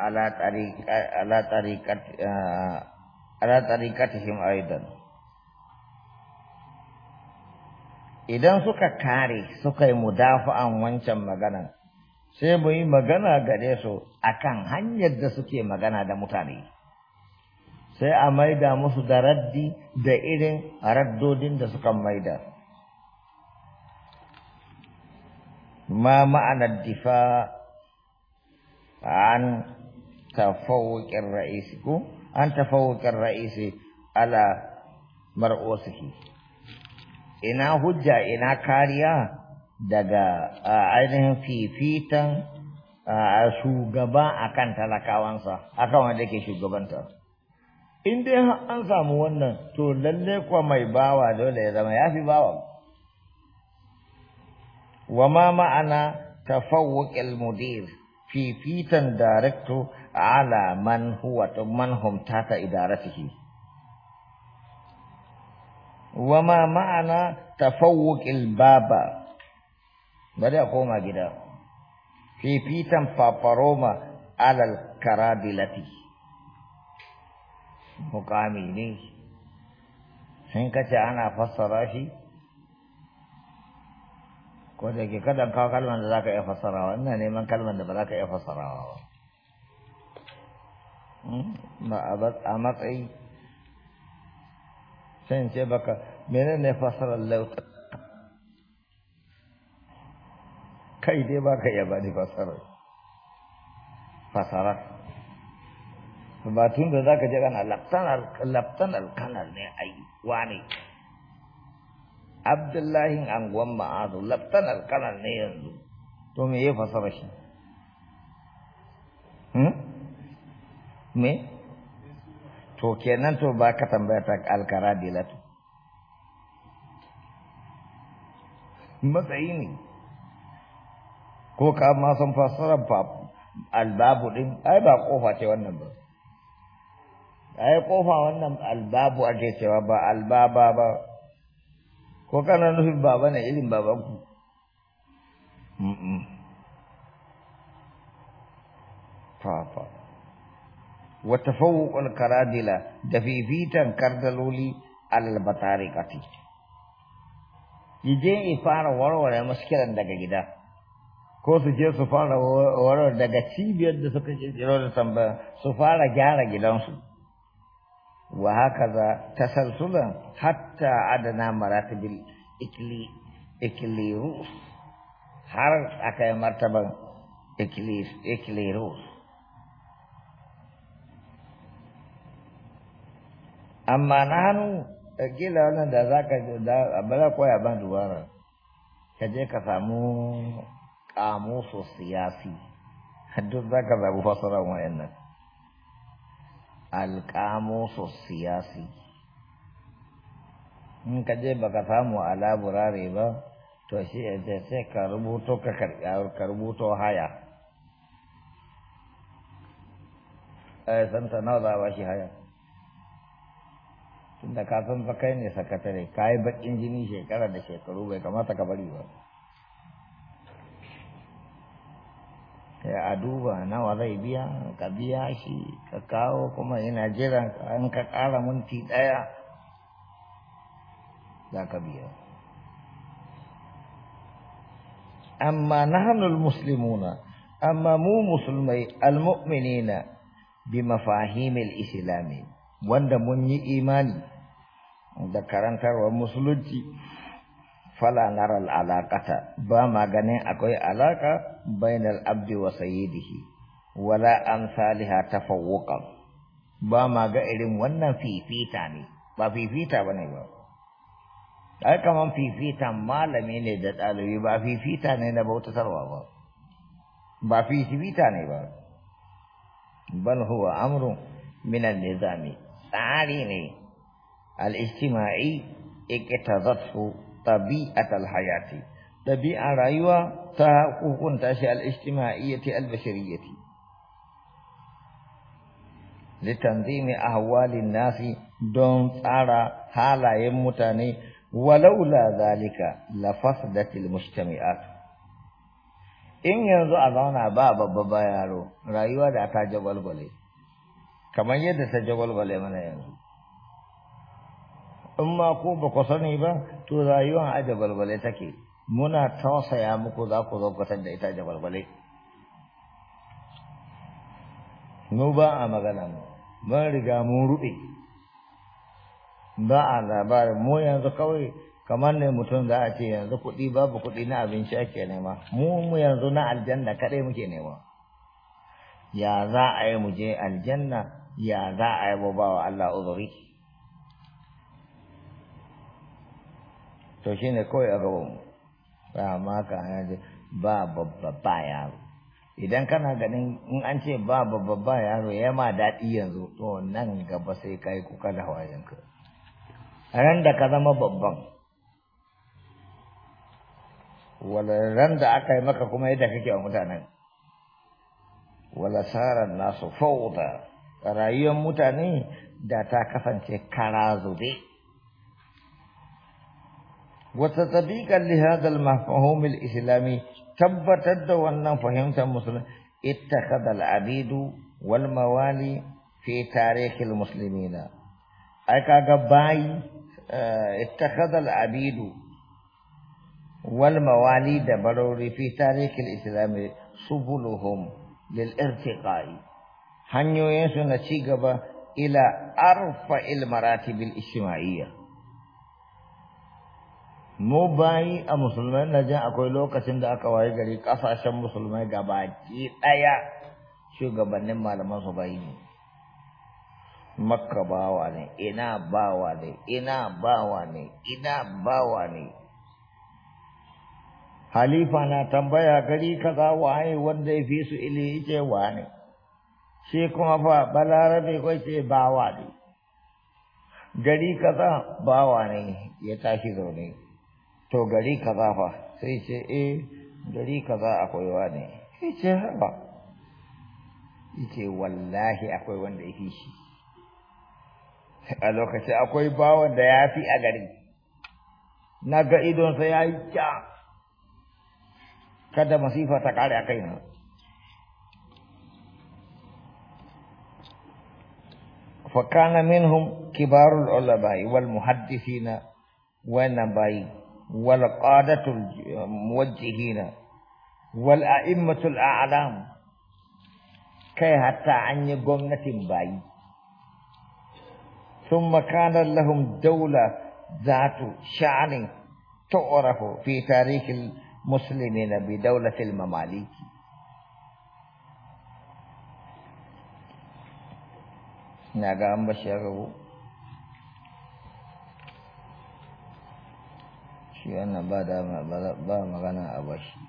Ala طريقة uh, ala على طريقتهم eh, aidan idan suka kare suka yi mudafa'an wancan magana sai mu yi magana gare su akan hanyar da suke magana da mutane sai a maida musu da raddi da irin raddodin da suka maida ma ma'anar difa an تفوق الرئيس an عن تفوق raisi ala mar'usiki ina hujja ina kariya daga ainihin fifitan shugaba akan talakawansa kan wanda ke shugabanta in dai an samu wannan to lalle kuwa mai bawa dole ya zama ya fi bawa wa ma ma'ana tafawwuqil mudir fifitan director ala man huwa man hum tata idaratihi wa ma ma'ana tafawwuqil baba bari a koma gida fifitan fafaroma alal karabilati mukami ne sun kace ana fassara shi ko da ke kada kawo kalmar da za ka iya fassarawa ina neman kalmar da ba za ka iya fassarawa ba ba hmm? a matsayi sai ce baka mene ne fasarar lauta kai dai ba ka iya bani fasarar fasarar ba tun da za ka je kana laftanar kanar ne a yi wane abdullahi anguwan ma'azu laftanar kanar ne yanzu to me ya fasara shi hmm? me to kenan to ba ka tambaya ta alkara dilatu matsayi ne ko ka ma san fasarar albabu din ai ba kofa ce wannan ba ai kofa wannan albabu ake cewa ba albaba ba ko kana nufin baba ne irin babanku wa tafawwuqul karadila da fifitan kardaloli alal batarikati yaje ya fara warware muskilan daga gida ko su je su fara warware daga cibiyar da suka je jiro da tambaya su fara gyara gidansu wa hakaza tasalsulan hatta adana maratibil ikli ikliru har aka yi martaban ikliru amma na hannu gila wannan da za ka da koya ban duwara ka je ka samu kamusu siyasi duk za ka zaɓi fasaran wa'annan alƙamusu siyasi in ka je ka samu alaburare ba to shi sai ka rubuto ka rubuto haya a eh, santa nawa za a ba shi haya دا کاتن پکای نه سکتلې کای بچی دی نه شي کړه د شي کړو به کما تک بړی و ته ادو با نه ولای بیا کبیا شي کاو کوم ان اجر ان کا کاله مون دا کبیا اما نحن المسلمون اما مو مسلمي المؤمنين بمفاهيم الإسلامي wanda mun yi imani da karantarwar musulunci fala naral alaƙata ba ma ganin akwai alaƙa bainal abdi wa sayyidihi wala amsaliha tafawwuqan ba ma ga irin wannan fifita ne ba fifita ne ba ai kaman fifita malami ne da ɗalibi ba fifita ne na bautatarwa ba ba fifita ne ba bal huwa amru min an-nizami tsari ne al-ijtima'i iktazathu tabi'atal hayati ɗabi'a rayuwa ta hukunta shi al-ijtima'iyyati al-bashariyyati a ahwalin nasi don tsara halayen mutane walaula zalika la fasdatil mujtami'at in yanzu a zauna ba babba ba yaro rayuwa da ta jagwalgwale kamar yadda ta jagwalgwale mana yanzu in ma ko ba ku sani ba to rayuwar a jagwalgwale take muna tausaya muku za ku zaukatar da ita jagwalgwale mu ba a magana mu mun riga mun ruɓe ba a labarin mu yanzu kawai kamar ne mutum za a ce yanzu kuɗi babu kuɗi na abinci ake nema mu mu yanzu na aljanna kaɗai muke nema ya za a yi mu je aljanna ya za a yi bawa Allah uzuri to shi ne kawai a gaban ba ma ka ba babba ba yaro idan kana ganin in an ce ba babba ba yaro ya ma daɗi yanzu to nan gaba sai ka yi kuka da hawayenka ran da ka zama babban wala ran da aka yi maka kuma yadda kake wa mutanen wala sarar nasu fauda rayuwar mutane da ta kasance kara zube wata tabiƙar lihadar mafahomil islami tabbatar da wannan fahimtar musulmi ita kadal abidu wal mawali fi tarihil musulmina ai ga bayi eh, ita kadal abidu wal mawali da barori fi tarihil islami subuluhum lil irtiqai hanyoyinsu na ci gaba ila arfa ilmarati bil mu bayi a musulmai na jin akwai lokacin da aka waye gari kasashen musulmai gabaki ɗaya shugabannin malaman su bayi ne makka bawa ne ina bawa ne ina bawa ne ina bawa ne halifa na tambaya gari kaza waye wanda ya fi su ilimi ce wane shi kuma fa balarabe kai ce bawa ne gari kaza bawa ne ya tashi zaune to gari kaza fa sai ce e gari kaza akwai wa ne sai ce haba ce wallahi akwai wanda ya fi shi a lokacin akwai bawan da ya fi a gari na ga idonsa ya yi kya kada masifa ta kare a kai na فكان منهم كبار العلماء والمحدثين والنبي والقادة الموجهين والأئمة الأعلام كي حتى عني يقومنة باي ثم كان لهم دولة ذات شعن تعرف في تاريخ المسلمين بدولة المماليك na ga an ya rabu shi wannan ba dama ba magana a bashi